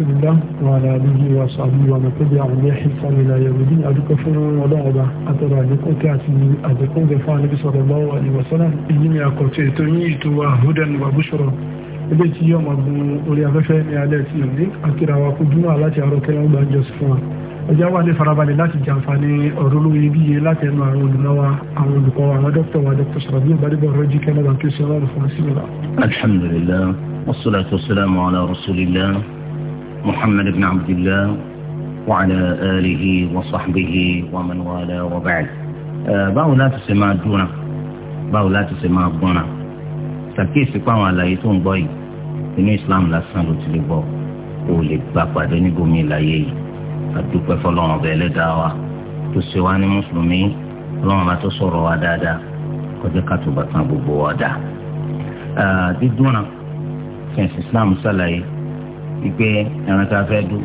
الله وعلى آله وصحبه ومن تبعهم بإحسان إلى يوم الدين أدوك ولا ولعبة أترى لكم كاتي أدوكم دفاع النبي صلى الله عليه وسلم إني أقوتي تنيت وهدى وبشرى ilé tí yọ́ máa gun orí afẹ́fẹ́ ní alẹ́ tí ò ní akíra wa kú júmọ́ láti àárọ̀ kẹrin ọgbà jọ sí fún wa ẹjá wà ní farabalẹ̀ láti jàǹfààní ọ̀rọ̀ olówó iyebíye láti ẹnu àwọn olùmọ́wa àwọn olùkọ́ àwọn dókítà wa dókítà sọ̀rọ̀bí ìbádẹ́bọ̀ ọ̀rọ̀ jí kẹ́lẹ́ bá kí sọ ọlọ́run fún wa sí mi lọ. alhamdulilayi wasalaatu wasalaamu ala rasulillah محمد بن عبد الله وعلى آله وصحبه ومن والاه وبعد báwo láti ṣe máa dúnra báwo láti ṣe máa gbọ́nra ṣàkíyèsí páwọn àlàyé tó ń gbọ́ yìí inú Islam lásán ló ti lè bọ̀ kó lè gba pàdé níbomi ìlàyé yìí àdúpẹ́ fọlọ́run ọbẹ̀ ẹlẹ́dàá wa tó ṣe wá ní mùsùlùmí ọlọ́run bá tó sọ̀rọ̀ wa dáadáa kọjá kàtó bàtàn gbogbo wa dá. dídúnra fẹ̀sì Islam ṣàlàyé wípé ẹran tá a fẹ́ dú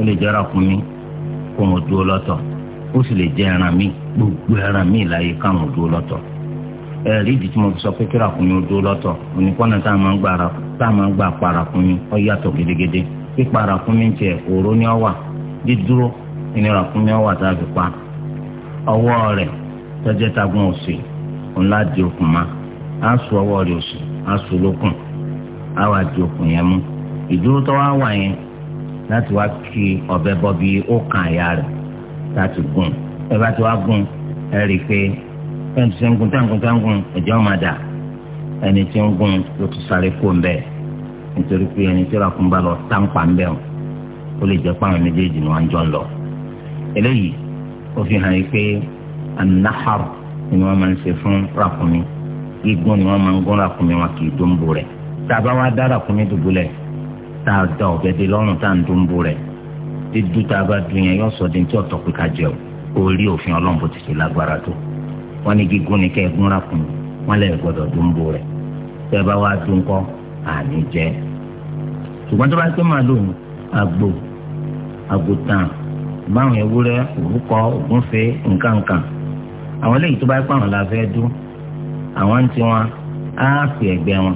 ó lè jẹ́ ẹran kún mi kó wọn dúró lọ́tọ̀ ó sì lè jẹ́ ẹran mi gbogbo ẹran mi láyé káwọn dúró lọ́tọ̀ ẹ̀rí ìdí tí mo sọ pé kíra kún mi ó dúró lọ́tọ̀ onípọ́nà tá a máa ń gbà para mi ó yàtọ̀ gédégédé mi ni dídúró ìnira mi pa ọwọ́ rẹ̀ tọ́jẹ́ tagun òsì ńlá di okùn ma asu sùn ọwọ́ rẹ̀ òsì sùn wà di okùn ìdúró tó wá wà yẹn láti wá kí ọbẹ̀ bọ́ bí ó kan àyà rẹ̀ láti gùn ẹ bá ti wá gùn ẹ rí i pé ẹ ti ṣe ń gun táǹgùn táǹgùn ẹ̀jẹ̀ ọ̀ma dà ẹni tí ń gun ló ti sáré kó ń bẹ̀ nítorí pé ẹni tí ràkúnbá lọ táǹpà ń bẹ̀ wọn ó lè jẹ́ páwọn méjèèjì ni wọ́n jọ ń lọ. eléyìí ó fi hàn yí pé anahar ni wọ́n máa ń ṣe fún ràkúnmí gígùn ni wọ́n máa ń gún ràkúnmí wọn kì í dóńbò rẹ̀ tá a bá wá dá ràkúnmí dùbúlẹ̀ tá a da ọ̀gẹ̀dẹ̀ lọ́rùn tá à ń dún bó rẹ̀ dídú tá a bá dun yẹn yóò sọ di tí ọ̀tọ̀ pé ká jẹ o orí òfin ọlọ́run bó ti ṣe lágbára tó wọ́n ní gígún ni kẹ́ ẹ gúnra kùn wọ́n lẹ̀ gbọ́dọ̀ dún bó rẹ̀ tẹ́ ẹ bá wá dún kọ́ àní jẹ́ ṣùgbọ́n tó bá tó máa lò àgbò àgùntàn báwọn ewúrẹ́ òwúkọ ògúnfe nǹkankan àwọn eléyìí tó bá pẹ́ àwọn la fẹ́ dún àwọn ń tiwọn á fi ẹ̀gbẹ́ wọn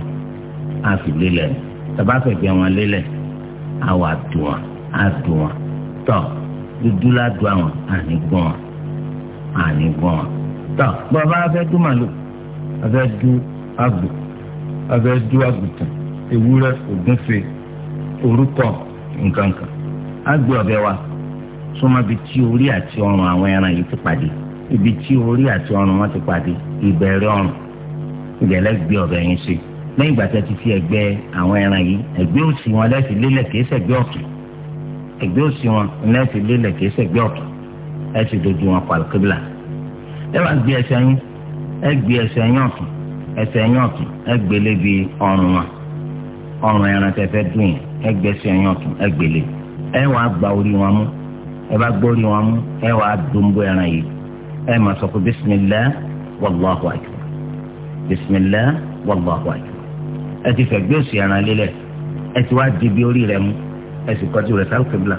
á fi lélẹ̀ ni tàbá fẹ̀gbẹ́ wọn lélẹ̀ àwọn àdùn àdùn tọ̀ dúdú ládùn àwọn ànígbọ́n wọn ànígbọ́n wọn. tọ̀ bàbá afẹ́ dún màlúù afẹ́ dún àgbò afẹ́ dún àgùntàn ewúrẹ́ ògúnfe orúkọ nǹkan kan àgbè wa súnmọ́ ibi tí orí àti ọrùn àwọn ẹran yìí ti pàdé ibi tí orí àti ọrùn wọn ti pàdé ìbẹ̀rẹ̀ ọrùn ìdẹ̀lẹ́gbẹ̀ ọ̀bẹ yín ṣe lẹ́yìn ìgbà tí a ti fi ẹ̀gbẹ́ àwọn ẹran yìí ẹ̀gbẹ́ òsì wọn lẹ́sìn lélẹ̀ kìí sẹ̀gbẹ́ ọ̀tún ẹ̀gbẹ́ òsì wọn lẹ́sìn lélẹ̀ kìí sẹ̀gbẹ́ ọ̀tún ẹ sì dojú wọn pàlọ́ kébìlà ẹ wá gbé ẹsẹ̀ yín ẹ gbé ẹsẹ̀ yín ọ̀tún ẹsẹ̀ yín ọ̀tún ẹ gbélé bi ọrùn wọn ọrùn ẹran tẹ fẹ́ dùn yẹn ẹ gbé ẹsẹ̀ yín ọ̀tún ẹ gbélé ẹ wá gba orí wọn mú ẹ bá gbórí wọn mú ẹ wá dùnbó ẹran yìí ẹ máa sọ pé bisimilah wàllu akbar ẹ ti fẹ̀gbẹ́ òsì ẹran lélẹ̀ ẹ ti wá di bí orí rẹ̀ mú ẹ sì kọjú rẹ̀ sálùkébìlà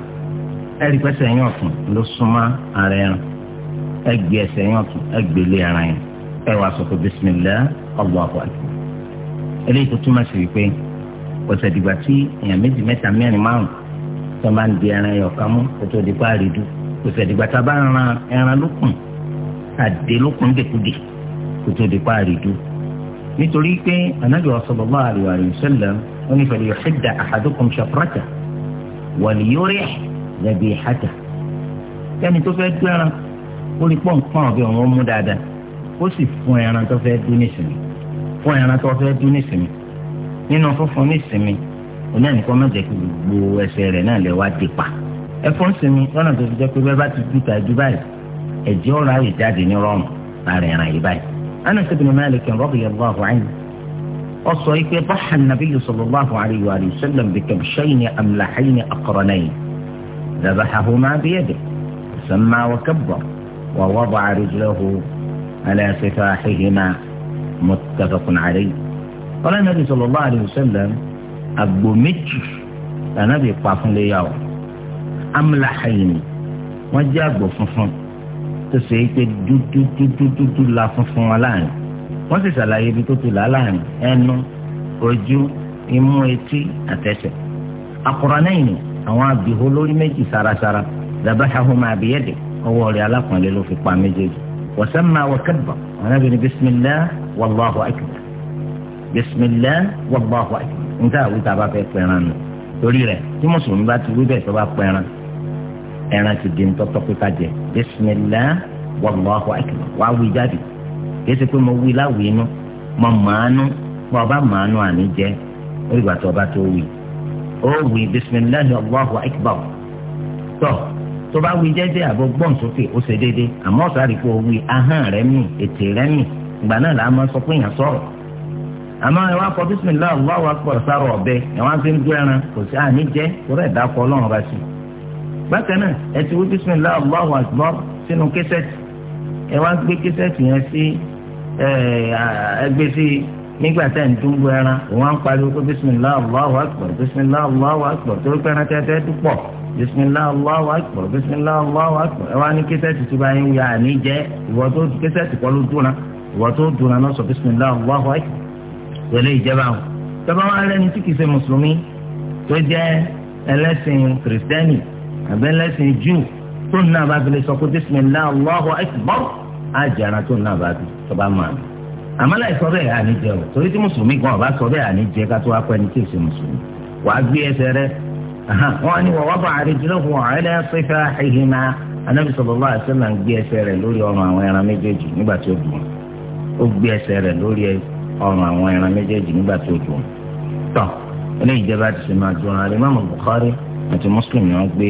ẹ rí pẹ́sẹ̀ yín ọ̀tún ló súnmọ́ ara ẹran ẹ gbé ẹsẹ̀ yín ọ̀tún ẹ gbé lé ara yẹn ẹ wàá sọ pé bisimilá Allahu akbar eléyìí tó túmọ̀ sí wípé ọ̀sẹ̀ dìgbà tí èèyàn méjì mẹ́ta mẹ́rin márùn tó máa ń di ẹran ẹyọ kan mú kó tó di páàrí dùn ọ̀sẹ̀ dìgbà tá a bá ran ẹran lókun àdé lókun dèkúdè kó tó di páàrí dùn nítorí pé anabi sallallahu alayhi wa sallam wọn ní fẹlẹ yuhidda ahadukum shafrata wal yurih dhabihata kẹ́ni tó fẹ́ dún ẹran ó rí pọ̀npọ̀n ọ̀bẹ òun mú dáadáa ó sì fún ẹran tó fẹ́ dún nísìnyí fún ẹran tó fẹ́ dún nísìnyí nínú fúnfún nísìnyí oní ẹnìkan má jẹ́ kí gbogbo ẹsẹ̀ rẹ̀ náà lè wá dé pa ẹfọn sinmi lọ́nà tó fi jẹ́ pé bẹ́ẹ̀ bá ti dùn tàjú báyìí ẹ̀jẹ̀ ọ̀rọ̀ àyè jáde ní rọrùn láàrin ẹran yìí báyìí. أنس بن مالك رضي الله عنه وصيك ضحى النبي صلى الله عليه وآله وسلم بكبشين أملحين أقرنين ذبحهما بيده سمى وكبر ووضع رجله على سفاحهما متفق عليه قال النبي صلى الله عليه وسلم أبو متر النبي لي يوم أملحين وجابوا فنفن tó ṣe é pé dúdúdúdúdú la funfun wọn láàrin wọ́n sì ṣàlàyé ibi tó ti là láàrin ẹnu ojú imú etí àtẹsẹ̀ Al-Qur'anayn àwọn abìhó lórí méjì sarasara dabahahuma abiyẹ́dẹ̀ ọwọ́ rẹ̀ alákùnrin ló fi pa méjèèjì wa samma wa kabba Ànábì ní bismillah wallahu akbar bismillah wallahu akbar níta àwùjọ àbáfẹ́ pẹ̀ràn nù torí rẹ̀ tí mùsùlùmí bá ti wí bẹ́ẹ̀ tó bá pẹ̀ràn ẹran ti di ń tọ́tọ́ jẹ bismillah wallahu akbar wàá wí jáde kéésì pé mo wí láwìí inú mo màánú mo ọba màánú àní jẹ ó ìgbà tó ọba tó wí ó wí bismillah wallahu akbar tọ́ tó bá wí jẹ́jẹ́ àbọ̀ gbọ́n sókè ó ṣe déédéé àmọ́ sáré kó wí ahọ́n rẹ̀ mì ètè mì ìgbà náà làá máa sọ pé èèyàn sọ̀rọ̀ àmọ́ ẹ wá kọ bákan náà ẹ ti wí bisimilahi allahu akbar sínú kẹsẹ̀tì ẹ wá gbé kẹsẹ̀tì yẹn sí ẹgbẹ́ sí nígbà tá à ń dúnbò ẹran òun á ń pariwo pé bisimilahi allahu akbar bisimilahi allahu akbar torí pé ẹran tẹ́tẹ́ dúpọ̀ bisimilahi allahu akbar bisimilahi allahu akbar ẹ wá ní kẹsẹ̀tì tó bá yín wíyà àní jẹ́ ìwọ tó kẹsẹ̀tì kọ́ ló dúnra ìwọ tó dúnra náà sọ bisimilahi allahu akbar wẹlé ìjẹba wọn tọ́ba wọn alẹ́ ní tí kìí mùsùlùmí tó jẹ́ ẹlẹ́sìn kìrìsìtẹ́nì àbẹ́lẹ́sìn jù tó ń náà bá fi lè sọ pé bísímìlá Allahu akbar àjàrà tó ń náà bá fi tó bá máa mi. àmọ́ láì sọ bẹ́ẹ̀ àní jẹ o torí tí mùsùlùmí gan ọba sọ bẹ́ẹ̀ àní ká tó wá pẹ́ ní kéèsì mùsùlùmí wàá gbé ẹsẹ̀ rẹ wọ́n ní wọ́n bá àrídìlọ́hùn ọ̀rẹ́lẹ́ pẹ́fẹ́ àhìhìnà anábì sallallahu alaihi wasallam gbé ẹsẹ̀ rẹ lórí ọrùn àwọn ẹran méjèèjì nígbà tí ó dùn ó gbé ẹsẹ̀ rẹ lórí ọrùn àwọn ẹran méjèèjì nígbà tí ó dùn tán eléyìí jẹba ti ṣe máa dùn àrẹ mọ́mọ́ Bukhari àti Muslim ni gbé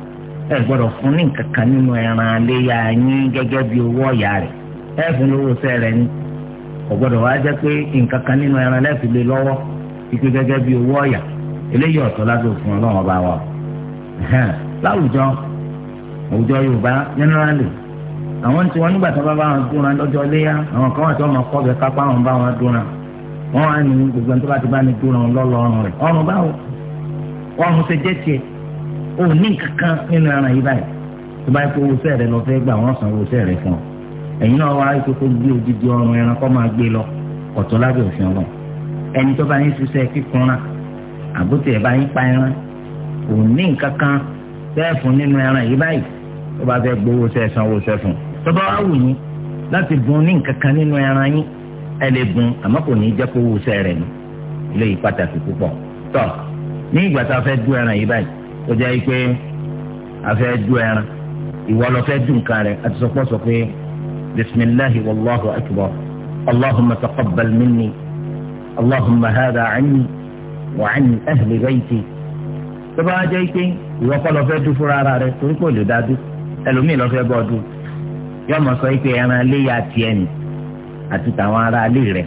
ẹ gbọdọ fún ní nǹkan nínú ẹran bí owó ẹ fún lówó ni kò gbọ́dọ̀ wá pé nínú ẹran lẹ́ẹ̀fi lé lọ́wọ́ ikú gẹ́gẹ́ bí owó ọ̀yà eléyìí ọ̀tọ̀ lábẹ́ òfin ọlọ́run ọba wa láwùjọ àwùjọ yorùbá jẹ́nẹ́rálì àwọn tí wọ́n nígbà tí wọ́n bá wọn dúnra lọ́jọ́ léyà àwọn kan wà tí ò ní kankan nínú ẹran yìí báyìí tó bá yẹ kó wosẹ́ rẹ lọ fẹ́ gbà wọ́n san wosẹ́ rẹ fún ọ ẹ̀yin náà wá ikú kó gbé odidi ọrùn ẹran kọ́ máa gbé lọ ọ̀tọ̀ lábẹ́ òfin ọlọ́ ẹni tó bá yín ṣiṣẹ́ kíkunra àbótẹ́ bá yín pa ẹran ò ní kankan bẹ́ẹ̀ fún nínú ẹran yìí báyìí tó bá fẹ́ gbowó sẹ́ sanwó sẹ́ fún tó bá wá wù yín láti bùn ní kankan nínú ẹran yín ẹ lè bùn àmọ́ kò ní jẹ́ kó wosẹ́ rẹ̀ ní ilé yìí pàtàkì púpọ̀ tọ́ ní ìgbà tá a fẹ́ dú ẹran yìí báyìí tó jẹ́ pé a fẹ́ du ẹran ìwọ lọ fẹ́ du nǹkan rẹ̀ àti sọpọ́ sọ pé bisimilahi wàlláhu akbar allahumma taqabbal minni allahumma hada anni wa an ahli bayti tó bá jẹ́ pé ìwọ kọ́ lọ fẹ́ du fúnra ara rẹ̀ torí kò lè dá du ẹlòmíì lọ fẹ́ bọ́ du yọ mọ̀ sọ pé ẹran léyà tiẹ̀ nì àti tàwọn ará ilé rẹ̀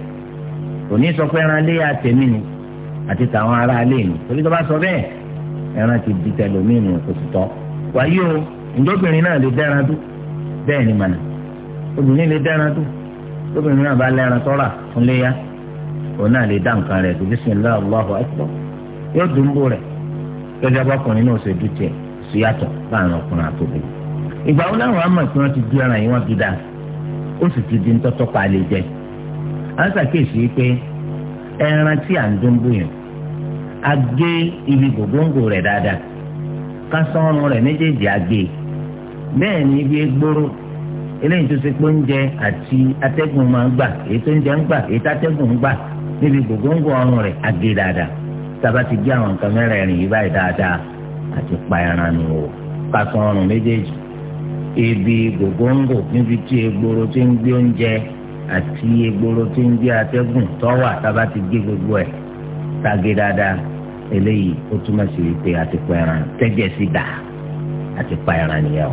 òní sọ pé ẹran léyà tèmi nì àti tàwọn ará ilé mi torí tó sọ bẹ́ẹ̀. ẹran ti di tẹlomi nù kò sì tọ́ wáyé o ǹdọ́bìnrin náà lè dẹ́ran dún bẹ́ẹ̀ ni mànà obìnrin lè dẹ́ran funle obìnrin náà bá lẹ́ran tọ́ra fún léyà òun náà lè dá nǹkan rẹ̀ tó bisimilayi allahu akbar yóò dùn bò rẹ̀ lọ́jọ́ abọ́kùnrin náà ṣe dúkìá sí yàtọ̀ láàrin ọkùnrin ara yìí wọ́n ti si ó sì ti di ń pa lè a gé ibi gògóńgò rẹ̀ dáadáa ká sọ́run rẹ̀ méjèèjì a gé bẹ́ẹ̀ ni ibi gbóró eléyìí tó ṣe pé oúnjẹ àti atẹ́gùn máa ń gbà èyí tó oúnjẹ ń gbà èyí tó atẹ́gùn ń gbà níbi gògóńgò ọrùn rẹ̀ a gé dáadáa tába ti gé àwọn nǹkan mẹ́rẹ̀ẹ̀rin yìí báyìí dáadáa àti pa nù o ká sọ́run méjèèjì ibi gògóńgò níbi tí egboro ti ń gbé oúnjẹ àti egboro ti ń gbé atẹ́gùn tọ́wà tába ti gé gbogbo ẹ̀ tagé dáadáa eléyìí ó túmọ̀ sí wípé àti pa ẹran tẹ́jẹ̀ sí dà àti pa ẹran nìyẹn o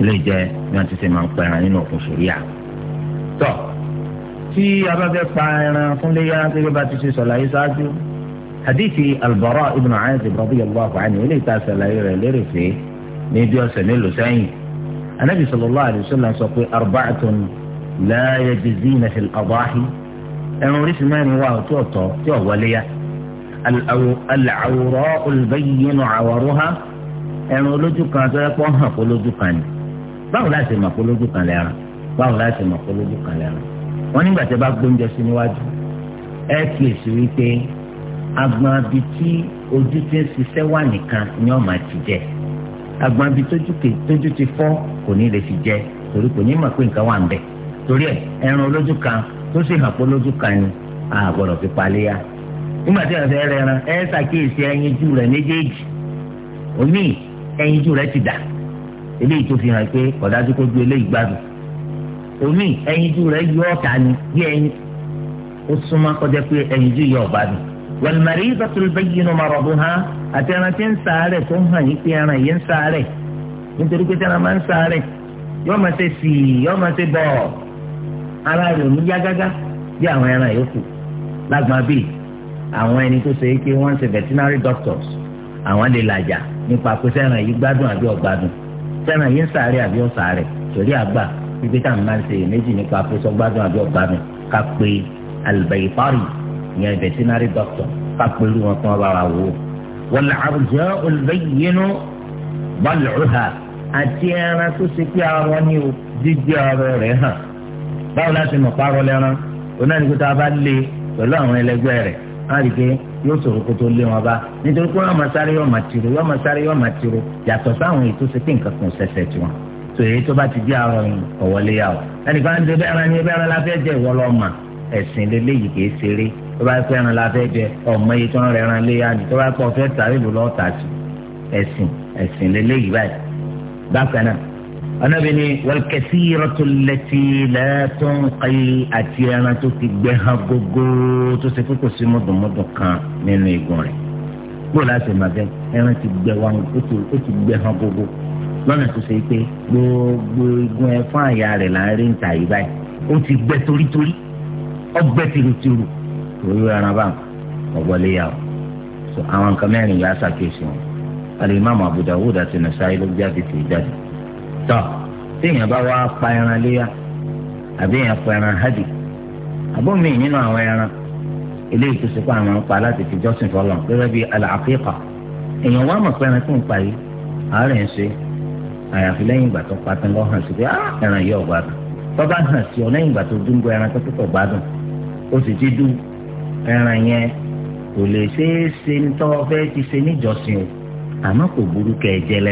eléyìí jẹ́ bí wọ́n ti ṣe máa ń pa ẹran nínú òfin ṣòríà tọ́ tí a bá fẹ́ pa ẹran fún léyà gẹ́gẹ́ bá ti ṣe sọ̀láyé ṣáájú hadithi albara ibn azib radiyallahu anhu eléyìí tá a sọ̀láyé rẹ̀ lérè pé ní bí ọ̀sẹ̀ mélòó sẹ́yìn anabi sallallahu alayhi wa sallam sọ pé arba'atun la yajzina fil adahi ẹran oríṣi mẹ́rin wà tí ọ̀tọ̀ tí ọ̀ al البين عورها bayyinu awruha ẹran olójú kan tó yẹ kó hàn kó lójú kan ni báwo láti mọ̀ kó lójú kan lẹ́ran báwo láti mọ̀ kó lójú kan lẹ́ran wọ́n nígbà tí a bá gbóúnjẹ sí níwájú ẹ kíyèsí wípé agbọn abi tí ojú ti ń ṣiṣẹ́ wà nìkan ni ọ̀ma ti jẹ agbọn abi tójú ti fọ́ kò ní lè fi jẹ torí kò ní mọ̀ pé nǹkan wà ń bẹ̀ torí ẹ ẹran olójú kan tó sì hàn kó lójú kan ni a gbọ́dọ̀ fi paléyà nígbà tí ẹ̀fẹ́ rẹ ran ẹ ṣàkíyèsí ẹyinjú rẹ méjèèjì omi ẹyinjú rẹ ti dà eléyìí tó fi hàn pé ọ̀dájú kó ju eléyìí gbádùn omi ẹyinjú yọ ọ̀tá ni bí ẹyin ó súnmọ́ kọjá pé ẹyinjú yọ ọ̀bá dùn wàlùmọ̀rì yìí sọ́tún bẹ́yì inú mọ̀rọ̀ bó hàn àti ẹran tí ń sàárẹ̀ tó ń hàn yìí pé ẹran yìí ń sàárẹ̀ nítorí pé tẹ́ran máa ń sàárẹ̀ yọ yọ àwọn ẹni tó ṣe é pé wọ́n ṣe veterinary doctors àwọn lè làjà nípa pé sẹ́ràn yìí gbádùn àbí ọ̀gbádùn sẹ́ràn yìí ń sàárẹ̀ àbí ọ̀sàárẹ̀ torí àgbà pípé tá à ń máa ń ṣe méjì nípa pé sọ gbádùn àbí ọ̀gbádùn ká pé albaytari ìyẹn veterinary doctor ká pé irú wọn kí wọ́n wa wò wọ́n lè àwùjọ olùbẹ́yìnú bọ́ọ̀lùhà àti ẹran tó ṣe pé ara wọn o jíjẹ́ ara rẹ̀ hàn báwo láti mọ̀ párọ̀ lẹ́ran onáníkútà bá lé e pẹ̀lú àwọn ẹlẹgbẹ́ rẹ̀ á rí i pé yóò sọ̀rọ̀ kó tó lé wọn bá nítorí pé wọ́n máa sáré yọ̀ máa tiro yọ̀ máa sáré yọ̀ máa tiro yàtọ̀ sáwọn èyí tó ṣe pé nǹkan kan ṣẹ̀ṣẹ̀ tiwọn tó èyí tó bá ti di àrùn ọ̀wọ́lé yà wọ́ ẹnìkan ń debẹ́ ẹran ní ẹbẹ́ la fẹ́ jẹ ìwọ lọ́ọ̀mà ẹ̀sìn lélẹ́yìí kìí ṣeré tó bá pẹ́ ẹran la fẹ́ jẹ ọmọ iye tó ń ẹran léyà ni tó bá fẹ́ tàrí ìlú lọ́ọ̀tà sí ẹ̀sìn ẹ̀sìn lélẹ́yìí báyìí bákan náà anabi ni wàlkẹsìrọtò lẹtì lẹtọn kayi àti ẹran tó ti gbẹ hàn gógó tó ṣe kókò sí mọdùmọdù kan nínú igun rẹ̀ gbọ́dọ̀ láti máa bẹ ẹran ti gbẹ wọn ó ti gbẹ hàn gógó lọ́nà tó ṣe pé gbogbo igun ẹ fún àyà rẹ̀ là ń rí níta yìí báyìí ó ti gbẹ torítorí ó gbẹ tìrùtìrù ẹran bá ọ̀gbọ́lé yà ó àwọn nǹkan mẹ́rin yà á ṣàkíyèsí wọn alimami Abu Dawud àti Nasa'i ló jáde tì í jáde. tí téèyàn bá wá pa ẹran léyà àbí èèyàn pa ẹran hajj àbómi nínú àwọn ẹran ilé tó àwọn ń láti fi jọ́sìn fọlọ́ gẹ́gẹ́ èèyàn wá mọ̀ pé ẹran tó ń pa yìí àárẹ̀ ń ṣe àyàfi lẹ́yìn ìgbà tó pa sí pé ah, ẹran yìí ọ lẹ́yìn ìgbà tó ẹran tó tó ó sì ti dú ẹran yẹn kò lè ṣeé ṣe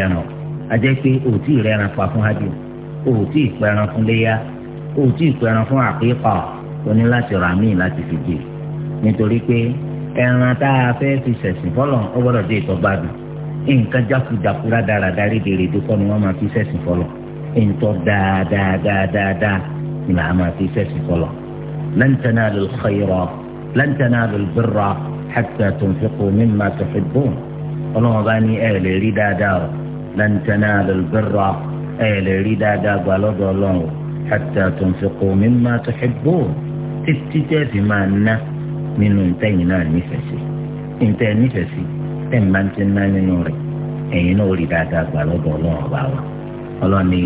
ń ajẹ́ pé òtí ìrẹ́ran pa fún hajj òtí ìpẹran fún léyà òtí ìpẹran fún àpépa o ní láti rà míì láti fi dè nítorí pé ẹran tá a fẹ́ fi ṣẹ̀sìn fọlọ́ ọ gbọ́dọ̀ dé ìtọ́gbádùn nǹkan jákujàku rádaràdà rédèrèdè kọ́ ni wọ́n máa fi ṣẹ̀sìn fọlọ́ ntọ́ dáadáadáadáa ni màá máa fi ṣẹ̀sìn fọlọ́ lan tanalul khayra lan tanalul birra hatta tunfiqu ọlọ́wọ́n bá ní ẹ̀ lè rí dáadáa o lan tanalul birra ẹ̀ lè rí dáadáa gbà lọ́dọ̀ ọlọ́run hatta tunfiqu mimma tuhibbun títí tẹ́ fi máa ná nínú ntẹ́yìn náà nífẹ̀ẹ́ sí ntẹ́ nífẹ̀ẹ́ sí tẹ́ máa ti ná nínú rẹ̀ ẹ̀yin náà rí dáadáa gbà lọ́dọ̀ ọlọ́run ọba wa ọlọ́run ni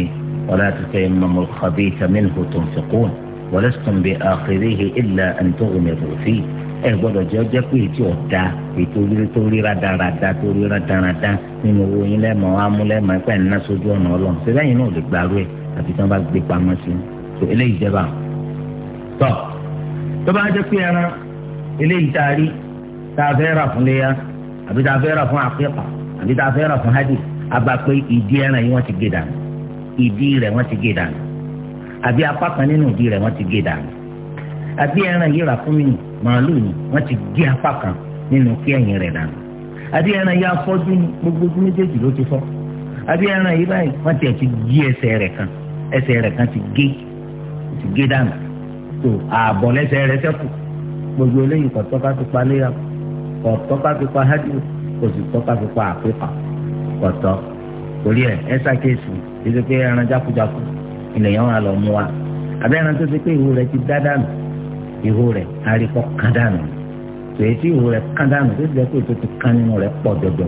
wala tutaymamul khabitha minhu tunfiqun walastum bi akhirihi illa an tughmidu fihi ẹ gbọ́dọ̀ jẹ́ ọjẹ́ pé ètò ọ̀dà ètò orí tó ríra dáradá tó ríra dáradá nínú owó yín lẹ́mọ̀ amúlẹ́mọ̀ ẹ̀pẹ́ ńná sójú ọ̀nà ọlọ́run ṣé lẹ́yìn náà lè gbàrú ẹ̀ àti tí wọ́n bá gbé pamọ́ sí tó eléyìí jẹ́ bá tọ́ tó bá jẹ́ pé ẹran eléyìí tá a rí tá a fẹ́ rà fún léyà àbí tá a fẹ́ rà fún àfẹ́pà àbí tá a fẹ́ rà fún hádì àgbà pé ìdí ẹran yìí wọ́n ti gé dànù ìdí rẹ̀ wọ́n ti gé dànù àbí apá kan nínú ìdí rẹ̀ wọ́n ti gé dànù àbí ẹran yìí rà fún mi màálù ni wọ́n ti gé apá kan nínú kí ẹ̀yìn rẹ̀ dànù àbí ẹran yìí afọ́jú ni gbogbo ojú méjèèjì ló ti fọ́ àbí ẹran yìí báyìí wọ́n ti ẹ̀ ti gé ẹsẹ̀ rẹ̀ kan ẹsẹ̀ rẹ̀ kan ti gé ti gé dànù tó ààbọ̀ lẹ́sẹ̀ rẹ̀ sẹ́kù gbogbo eléyìí kò tọ́ka fi pa léyà kò tọ́ka fi pa hádìó kò sì tọ́ka fi pa àpépà kò tọ́ torí ẹ̀ ẹ ṣàkíyèsí títí pé ẹran jákujáku ilẹ̀ yẹn wà lọ mú wa àbí ẹran tó ti pé ìhó rẹ̀ ti dá dànù ìhó rẹ̀ aríkọ́ kan dànù tòyí tí ìwò rẹ kán dànù tó ti pé ètò ti kán nínú rẹ pọ̀ jọjọ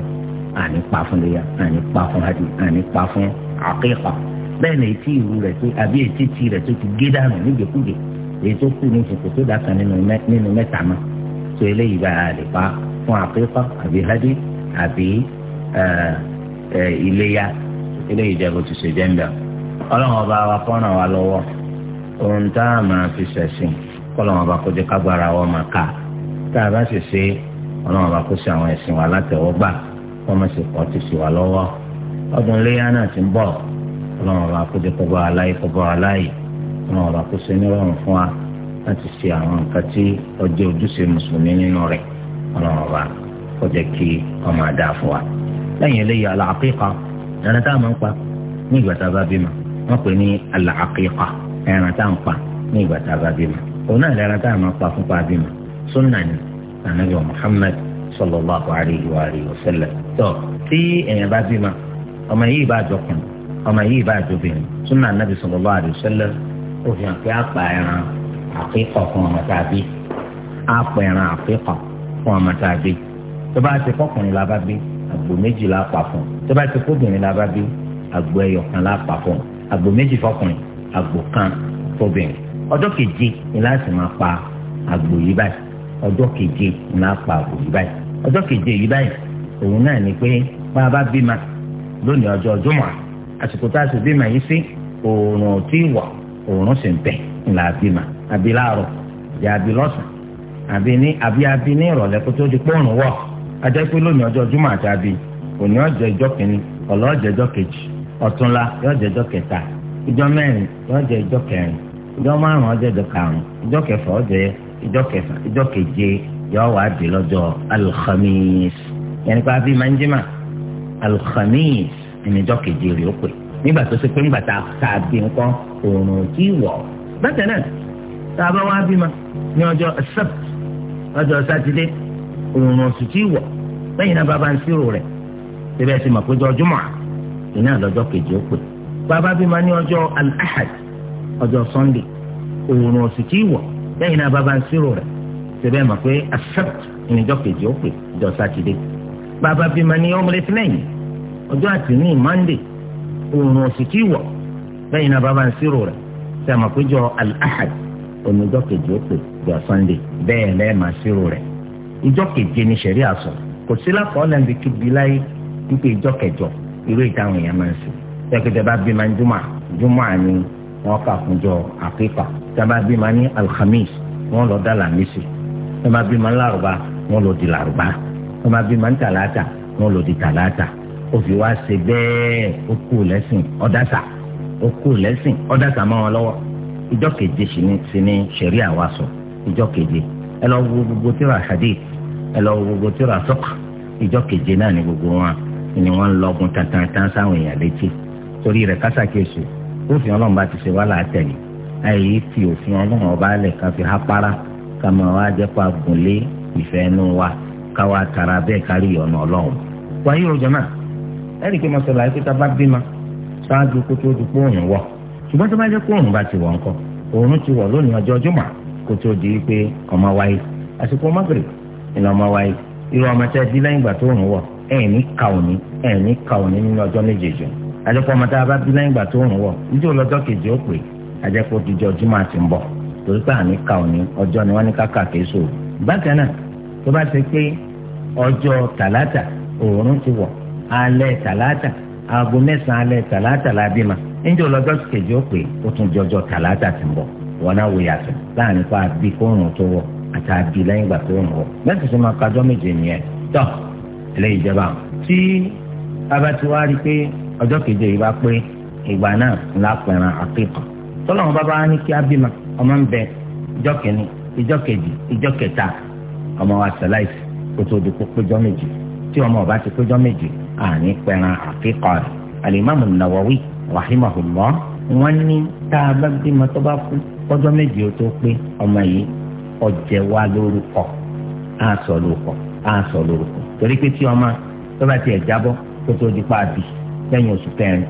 àní pa fún léya àní pa fún hadi àní pa fún àkíkà bẹ́ẹ̀ ni ètí ìwò rẹ tó àbí ètí ti rẹ tó ti gé dànù nígbèkúgbè èyí tó kú ní ìsìnkú tó dàkà nínú mẹ́ta mọ́ tó eléyìí bá a lè pa fún àkíkà àbí hadi àbí iléya eléyìí jẹ́ bó ti ṣe jẹ́ ń bẹ̀rù ọba wa fọ́nà wa lọ́wọ́ ohun tá a máa fi ṣẹ̀sìn kọ́lọ́run ọba kó kágbára wa máa ká a tá a bá sì ṣe ọlọ́run bá kó sí àwọn ẹ̀sìn wa látẹ̀wọ́gbà wọ́n mọ̀ sí pọ̀ ti sì wà lọ́wọ́ ọdún léyà náà ti ń bọ̀ ọlọ́run bá kó jẹ́ kó bá wa láyé kó bá wa láyé ọlọ́run bá kó sí nírọ̀rùn fún wa láti ṣe àwọn nǹkan tí ọjọ́ ojúṣe mùsùlùmí nínú rẹ̀ ọlọ́run bá kó jẹ́ kí ọmọ àdá fún wa. lẹ́yìn eléyìí alàkíkà ẹran tá a máa ń pa ní ìgbà tá a bá bímọ wọ́n pè ní alàkíkà ẹran tá a ń pa ní ìgbà tá a bá bímọ òun náà lẹ́ran tá a máa pa fún pa bímọ súnà ní ànábì Muhammad sallallahu alayhi wa alayhi wa sallam tó tí èèyàn bá bímọ ọmọ yìí bá jọkùn ọmọ yìí bá jọbìnrin súnà ànábì sallallahu alayhi wa sallam ó fi hàn pé àpà ẹran àkíkọ fún ọmọ tàbí àpà ẹran àkíkọ fún ọmọ tàbí tó bá ti kọkùnrin la bá bí àgbò méjì la pa fún tó bá ti kóbìnrin la bá bí àgbò ẹyọ kan la pa fún àgbò méjì fọkùnrin àgbò kan fọbìnrin ọjọ́ keje ni láti máa pa àgbò yìí báyìí ọjọ́ keje náà pa àgbò yìí báyìí ọjọ́ keje yìí báyìí òun náà ni pé bá a bá bímọ lónìí ọjọ́ jùmọ̀ àsìkò tá a sì bímọ yìí sí oòrùn ò tí ì wọ̀ oòrùn sì ń bẹ ńlá abima àbí láàárọ̀ àbí àbí lọ́sàn àbí ní àbí àbí ní ìrọ̀lẹ́ kó tó di pọ́ọ̀rùn wọ̀ ajẹ́ pé lónìí ọjọ́ júmọ̀ àti àbí òní ọjọ́ ìjọ kìíní ọ̀la ọjọ́ kejì ọ̀túnla yóò jẹ́ kẹta ìjọ mẹ́rin yóò jẹ́ kẹrin ìjọ márùn ọjọ́ ìjọ karùn ìjọ kẹfà ọjọ́ yẹ ìjọ kẹfà ìjọ keje yóò wá di lọ́jọ́ alhamis yẹn nípa bíi manjima alhamis ní ìjọ keje rè ó pè nígbà tó ṣe pé ńgbà tá a bí nǹkan òòrùn kì í wọ̀ bákan náà tá a bá wá bímọ ní ọjọ́ sept ọjọ́ sátidé òòrùn oṣù tí wọ̀ lẹ́yìn náà bàbá ń sírò rẹ̀ síbẹ̀ sí màpéjọ jùmọ̀ ìná lọ́jọ́ kejì ó pè bàbá bímọ ní ọjọ́ alahad ọjọ́ sunday òòrùn oṣù tí wọ̀ lẹ́yìn náà bàbá ń sírò rẹ̀ síbẹ̀ mọ̀ pé accept ìníjọ́ kejì ó pè jọ sátidé bàbá bímọ ní ọmọ lẹ́yìn ọjọ́ monday oòrùn òsì kí wọ̀ lẹ́yìn náà bàbá ń sírò rẹ̀ síbẹ̀ mọ̀ pé jọ al-ahad kejì ó pè jọ sunday bẹ́ẹ̀ lẹ́ẹ̀ máa sírò rẹ̀ ìjọ́ keje ni sẹ̀rí àsọ kò sí lákọọ́lẹ̀ níbi kíbi láyé wípé ìjọ́ kẹjọ irú máa ń wọ́n kà kúnjọ àkíkà tábà bí ma ní alhamis wọ́n lọ dá làmísì tábà bí ma ń làrúbá wọ́n lọ di làrúbá tábà bí ma ń tàlátà wọ́n lọ di tàlátà ó fi wá ṣe bẹ́ẹ̀ ó kú lẹ́sìn ọ̀dàṣà ó kú lẹ́sìn ọ̀dàṣà mọ́ wọn lọ́wọ́ ìjọ keje sí ni ṣẹ̀rí àwa sọ ìjọ keje ẹ lọ wo gbogbo tíra hadith ẹ lọ wo gbogbo tíra sọ́kà ìjọ keje náà ni gbogbo wọn ni wọ́n ń lọ́gun tantan tán sáwọn èèyàn létí torí rẹ̀ kásákèsù òfin ọlọ́run bá ti ṣe wá látẹ̀lé fi òfin ọlọ́run ọba alẹ̀ kan fi há para ká máa wá jẹ́ gùnlé ìfẹ́ inú wa ká wá tara bẹ́ẹ̀ kárí ọ̀nà ọlọ́run. wáyé o jọ̀mọ́ ẹ̀rí pé mọ̀sálà yìí pété bá bímọ ṣáájú kó tó di póòrùn wọ̀ ṣùgbọ́n tó bá jẹ́ póòrùn bá ti wọ̀ ńkọ́ ti wọ̀ lónìí ọjọ́ jùmọ̀ kó tó di pé ọmọ wáyé àsìkò mọ́gìrì ìlà ọmọ wáyé irú ọmọ tẹ́ lẹ́yìn ìgbà tó ka àjẹpọ̀ ọmọ tá a bá bí lẹ́yìn ìgbà tó ń wọ̀ níjẹ́ olọ́jọ́ kejì ó pè àjẹpọ̀ òdìjọ́ jùmọ̀ àti ń bọ̀ torí pé àní òní ọjọ́ ni wọ́n ní ká kàké so bákan náà tó bá ṣe tàlátà òórùn ti wọ̀ alẹ́ tàlátà aago mẹ́sàn-án tàlátà la ma kejì ó pè ó tún ọjọ́ tàlátà ti ń bọ̀ wọn náà wò yàtọ̀ láàrin pa kóòrùn tó wọ̀ àtàbí lẹ́yìn ìgbà tó ọjọ́ keje yìí bá pé ìgbà náà ńlá pẹ̀ràn àkíkà tọ́lọ́wọ́n bá bá ní kí á bímọ ọmọ ń bẹ ìjọ kìíní ìjọ kejì ìjọ kẹta ọmọ wa sẹláìsì kó tó di kó péjọ méjì tí ọmọ ọba ti péjọ méjì àní pẹ̀ràn àkíkà rẹ̀ alimami nawawi rahimahullah wọn ní tá a bá bímọ tó bá kú kọjọ méjì ó tó pé ọmọ yìí ọjẹ wa lórúkọ á sọ lórúkọ á sọ lórúkọ torí pé tí ọmọ tó bá tiẹ̀ jábọ́ kó tó di pa bíi sẹ́yìn oṣù kẹrin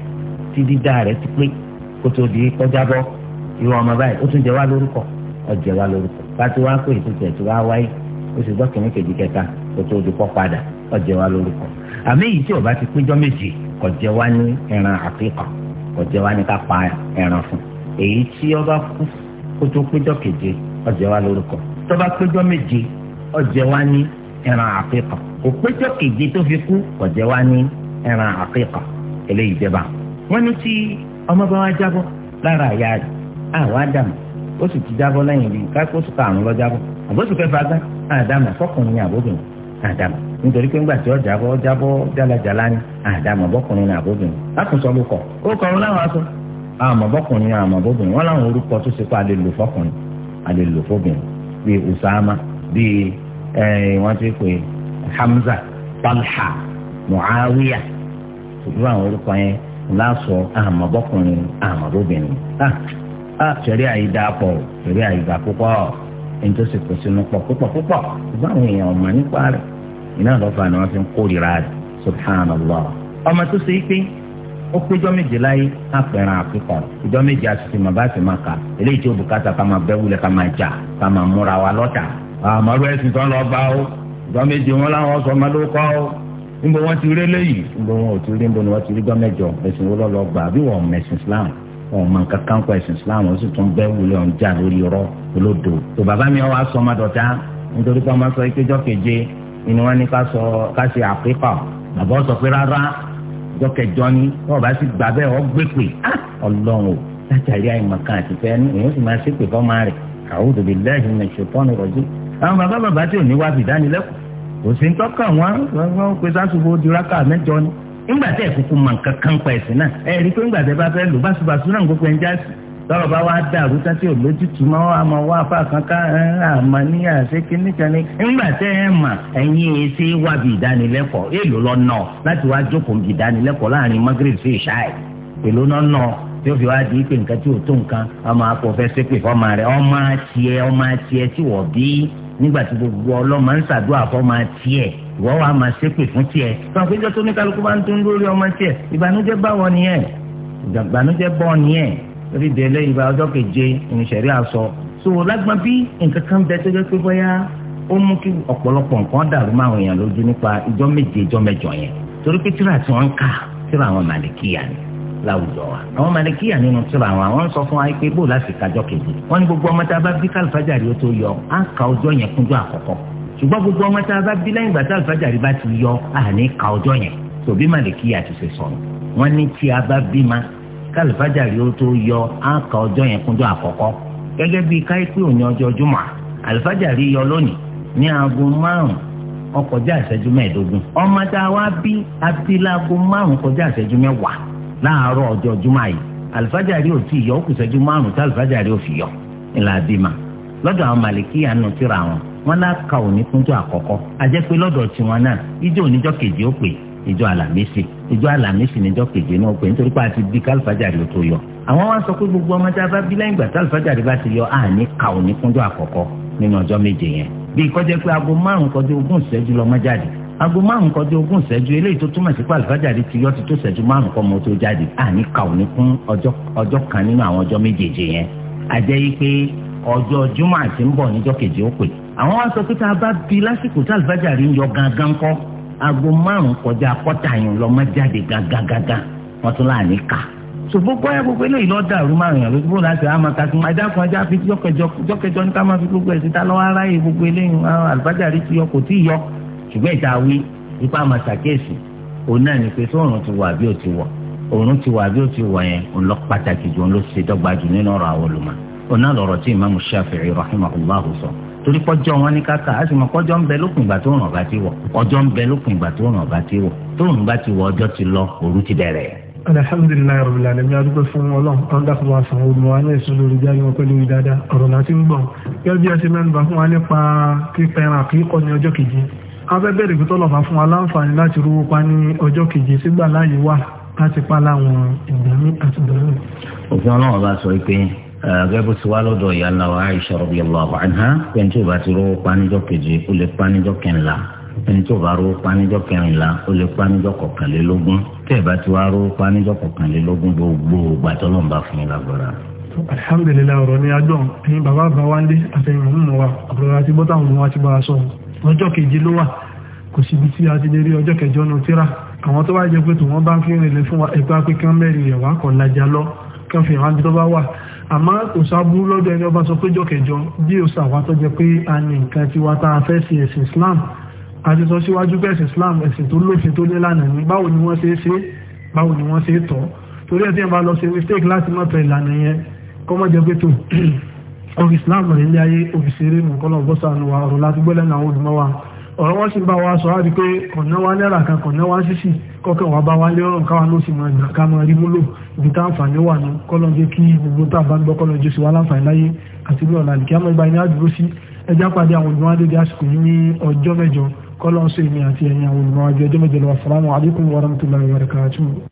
tí dídá rẹ̀ ti pé kó tó di kọjá bọ́ irú ọmọ báyìí ó tún jẹ wá lórúkọ ó jẹ wá lórúkọ bá ti wá pé ìtútù ẹ̀ ti wá wáyé oṣù gbọ́ kìíní kejì kẹta kó tó di pọ́ padà ó jẹ wá lórúkọ àmì èyí tí ò bá ti péjọ méje kò jẹ wá ní ẹran àfihàn kò jẹ wá ní ká pa ẹran fún èyí tí ó bá kú kó tó péjọ keje ó wá lórúkọ tó bá péjọ méje ó wá ní ẹran àfihàn kò péjọ keje tó fi kú kò wá ní ẹran àfihàn. eléyìí jẹba wọn ní tí ọmọ bá wá a lára àyà rẹ̀ àwọn ádámù ó sì ti jábọ́ lẹ́yìn bíi káàkó sùkà àrùn lọ jábọ́ àbóṣù kẹfà gán àdámù fọkùnrin àbóbìnrin àdámù nítorí pé ńgbà tí ó jábọ́ jálajàlá ni àbóbìnrin lákùnsọ ló kọ ó kọ ọ láwọn aṣọ àmọ́ bọ́kùnrin àmọ́ bóbìnrin wọn orúkọ tó eh, Hamza Talha irú àwọn orúkọ yẹn láàsọ àmọ̀bọ́kùnrin àmọ̀bọ́bìnrin a ah, sẹ̀rí ah, àyídá pọ̀ sẹ̀rí àyídá púpọ̀ nítòsí kò sínú pọ̀ púpọ̀ púpọ̀ ṣùgbọ́n àwọn èèyàn ọ̀mà nípa rẹ̀ iná lọ́fà ni wọ́n fi ń kórìíra rẹ̀ subhanallah ọmọ tó ṣe é pé ó péjọ méje láyé àpẹẹrẹ àpẹkọ ìjọ méje àtúntì màá bá ti máa kà eléyìí tí ó bùkátà ká máa bẹ́ wulẹ̀ ká máa jà ká máa múra wa lọ́tà àmọ́rú ẹ̀sìn tán lọ́ọ́ bá ó níbo wọn ti rí léyìí. níbo wọn ò ti rí níbo ni wọn ti rí gbọ́ mẹ́jọ ẹ̀sìn wo lọ́lọ́ gbà bí wọn mẹ̀sìn Islam wọn mọ nǹkan kan kọ ẹ̀sìn Islam ó sì tún bẹ́ wulẹ̀ ọ̀n já lórí ọ̀rọ̀ olódo. tó bàbá mi wá sọ ọmọdọ̀tá nítorí pé ọmọ sọ ìkéjọ́ keje ni wọ́n ní ká sọ ká ṣe àpékọ̀ bàbá sọ pé rárá ìjọ kẹjọ ni wọn bá sì gbà bẹ́ẹ̀ wọ́n gbé pè ọlọ́run o látàrí àìmọ̀kan àti fẹ́ẹ́nu èèyàn sì máa ṣépè fọ́ọ́mà rẹ̀ a'udhu billahi minash shaitani rajim. àwọn bàbá bàbá tí ò ní wá fìdánilẹ́kọ̀ọ́ kò sí ń tọ́ka wọn wọn pe sásùbò di rákà mẹ́jọ ni ńgbà tẹ́ ìkúkú mọ̀ nǹkan kan pa ẹ̀sìn náà ẹ rí i pé ńgbà tẹ́ bá fẹ́ lò báṣubàṣu náà gbogbo ẹ̀ ń jásí tọ́rọ̀ bá wá dàrú sátì olójútùú mọ́ àmọ́ wá fà kankan àmọ́ ní àṣẹ kínní kan ní. ńgbà tẹ́ ẹ mà ẹ̀yin èsì wábi ìdánilẹ́kọ̀ọ́ èlò lọ́nà láti wá jókòó ìdánilẹ́kọ̀ọ́ láàrin magreth sí ìṣáì èlò lọ́nà tí ó fi wá di pé nǹkan tí ò tó nǹkan ọmọ akọ fẹ́ sépè fọ́ọ̀mà rẹ̀ ọmọ tiẹ̀ ọmọ tiẹ̀ tí wọ́n bí nígbà tí gbogbo ọlọ́mọ ń ṣàdúrà fọ́ máa tiẹ̀ ìwọ́ wa máa ṣépè fún tiẹ̀ tó àpéjọ tó ní kálukú bá ń tún lórí ọmọ tiẹ̀ ìbànújẹ́ báwọ̀ nìyẹn ìbànújẹ́ bọ́ nìyẹn lórí ìdẹ́lẹ́ ìbá ọjọ́ keje ìrìnsẹ̀rí àṣọ so lágbọ́n bí nǹkan kan bẹ tó jẹ́ pé bóyá ó mú kí ọ̀pọ̀lọpọ̀ nǹkan dàrú máwọn èèyàn lójú nípa ìjọ méje ìjọ mẹ́jọ yẹn torí pé tíra tí wọ́n ń kà tíra àwọn màlìkíyà ni láwùjọ wa. àwọn malikiya nínú tura wọn àwọn sọ fún wa pé bó láti kájọ kejì wọn ní gbogbo ọmọ tá a bá bí kálífàjárì ó tó yọ á ka ọjọ́ yẹn kúnjọ àkọ́kọ́ ṣùgbọ́n gbogbo ọmọ tá a bá bí lẹ́yìn ìgbà tá àlùfàjárì bá ti yọ á ní ka ọjọ́ yẹn tòbí malikiya ti ṣe sọ̀rọ̀ wọn ní tí a bá bí ma kálífàjárì ó tó yọ á ka ọjọ́ yẹn kúnjọ àkọ́kọ́ gẹ́gẹ́ bí káyipé ọmọ tá a wá bí abilago márùn kọjá ìṣẹ́jú mẹ́wàá láàárọ̀ ọjọ́ jùmọ̀ yìí alifájàrí ò tí ì yọ ó kù ṣẹ́jú márùn tí alifájàrí ò fi yọ ńlá bímọ lọ́dọ̀ àwọn màlìkíyà nù tíra wọn wọn láka òní kúnjọ́ àkọ́kọ́ ajẹ́ pé lọ́dọ̀ tiwọn náà ijó oníjọ́ kejì ó pè ijó àlàmísì ijó àlàmísì níjọ́ kejì náà ó pè nítorí pé a ti bí kálífàjàrí ò tó yọ àwọn wá sọ pé gbogbo ọmọ tí a bá bí lẹ́yìn ìgbà kálífàjàrí bá ti yọ àní ka òní kúnjọ́ àkọ́kọ́ nínú ọjọ́ méje yẹn bí kọjá pé aago márùn kọjá ogún ìṣẹ́jú lọ́mọ jáde aago márùn kọjá ogún ìṣẹ́jú eléyìí tó túmọ̀ sí pé àlùfájàrí ti yọ ti tó ìṣẹ́jú márùn kọ́ mo tó jáde àní kàwọn ní fún ọjọ́ kan nínú àwọn ọjọ́ méjèèjì yẹn àjẹ́ yìí pé ọjọ́ júmọ̀ àti ń bọ̀ níjọ́ kejì ó pè àwọn wá sọ pé tá a bá bi lásìkò tí àlùfájàrí ń yọ gangan kọ́ aago márùn kọjá kọ́tà yẹn lọ́mọ jáde gangan wọ́n tún láàánú kà so gbogbo ẹ gbogbo eléyìí lọ dàrú márùn yàn lójúbó láti àmà kàtún ajá kan ajá fi jọkẹjọ ní ká máa fi gbogbo ẹ síta lọ aráyè gbogbo ṣùgbọ́n ìta wí ipá máa ṣàkíyèsí òun náà ni pé sóòrùn ti wà bí ó ti wọ̀ òòrùn ti wà bí ó ti wọ̀ yẹn òun lọ pàtàkì jù òun ló ṣe dọ́gba jù nínú ọ̀rọ̀ àwọn olùmọ̀ òun náà lọ̀rọ̀ tí ìmáàmù Ṣáfi'í rahimahullahu sọ torí pọ́jọ́ wọn ní káka a sì mọ pọ́jọ́ ń bẹ lópin ìgbà tó ràn bá ti wọ̀ ọjọ́ ń bẹ lópin ìgbà tó ràn bá ti wọ̀ tó ràn bá ti wọ̀ ọjọ́ ti lọ òru ti bẹ̀rẹ̀. alhamdulilayi rabil alamin adúgbò fún Ọlọ́run ọdún dàpọ̀ wa sàn olùmọ wa ní ìṣòro olùjá ni wọn pẹ̀lú ìdáadáa ọ̀rọ̀ náà ti ń gbọ gẹ́gẹ́ bí a ṣe mẹ́nu bá fún wa nípa pípẹran àkíkọ ní ọjọ́ kejì afẹ́bẹ̀rẹ̀ pé tọ́lọ̀fà fún wa láǹfààní láti rówó pa ní ọjọ́ keje sígbà láàyè wà láti pa láwọn ìgbẹ̀mí àti ìgbẹ̀mí. òfin ọlọ́run bá sọ pé gẹ́gẹ́ bó ti wá lọ́dọ̀ ìyá aláwa Aisha radiyallahu anha ẹni tó bá ti rówó pa níjọ́ keje ó lè pa níjọ́ kẹrìnlá ẹni tó bá rówó pa níjọ́ kẹrìnlá ó lè pa níjọ́ kọkànlélógún tẹ́ ẹ̀ bá ti wá rówó pa níjọ́ kọkànlélógún gbogbo gbàtọ́lọ́mbà fún yín lágbára alhamdulilayi ọ̀rọ̀ ni adùn ẹ̀yin bàbá bàbá wa ń dé àtẹ̀yìn wa àbúrò àti bọ́tà ọ̀hún wa ti bá a sọ̀rọ̀ ọjọ́ kejì ló wà kò síbi tí a ti lè rí ọjọ́ kẹjọ nù tíra àwọn tó wá jẹ pé tòun bá ń fi rìnlẹ̀ fún wa ẹ̀gbá pé kí wọ́n mẹ́rin rẹ̀ wá kọ̀ lajà lọ kí wọ́n fi hàn tó bá wà àmọ́ òṣàbú lọ́dọ̀ ẹni ọba sọ pé jọkẹjọ bí o wa tó jẹ pé a ní nǹkan tiwa tá a fẹ́ sí ẹ̀sìn Islam àti sọ síwájú pé ẹ̀sìn Islam ẹ̀sìn tó lófin tó lé lánàá ni báwo ni wọ́n ṣe é ṣe báwo ni wọ́n ṣe é tọ́ torí ẹ̀ tí wọ́n bá lọ ṣe mistake láti mọ́tò ìlànà yẹn kọ́mọ́jẹ́ pé tó ọ̀rọ̀ islam rẹ̀ ilé ayé òfìsèré nù kọ́lọ̀ bọ́sànù wa ọ̀rọ̀ láti gbọ́lẹ̀ náà olùmọ́ wa ọ̀rọ̀ wọ́n sì bá wa sọ á di pé kọ̀nà wa náírà kan kọ̀nà wa sísì kọ́kẹ́ wa bá wa lé ọ̀rọ̀ káwa ló sì mọ ìgbà ká mọ rí múlò ibi tá àǹfààní wà ní kọ́lọ̀ jẹ́ kí gbogbo tá a bá gbọ́ kọ́lọ̀ jẹ́ sí wa láǹfààní láyé àti bí ọ̀la nìkí àmọ́ ìgbà ní sí ẹjá pàdé àwọn olùmọ́ adédé àsìkò yìí ní ọjọ́ mẹ́jọ kọ́lọ̀ èmi àti ẹ̀yin àwọn olùmọ́ adédé ọjọ́ mẹ́jọ lọ́wọ́ salamu alaikum warahmatullahi wabarakatuh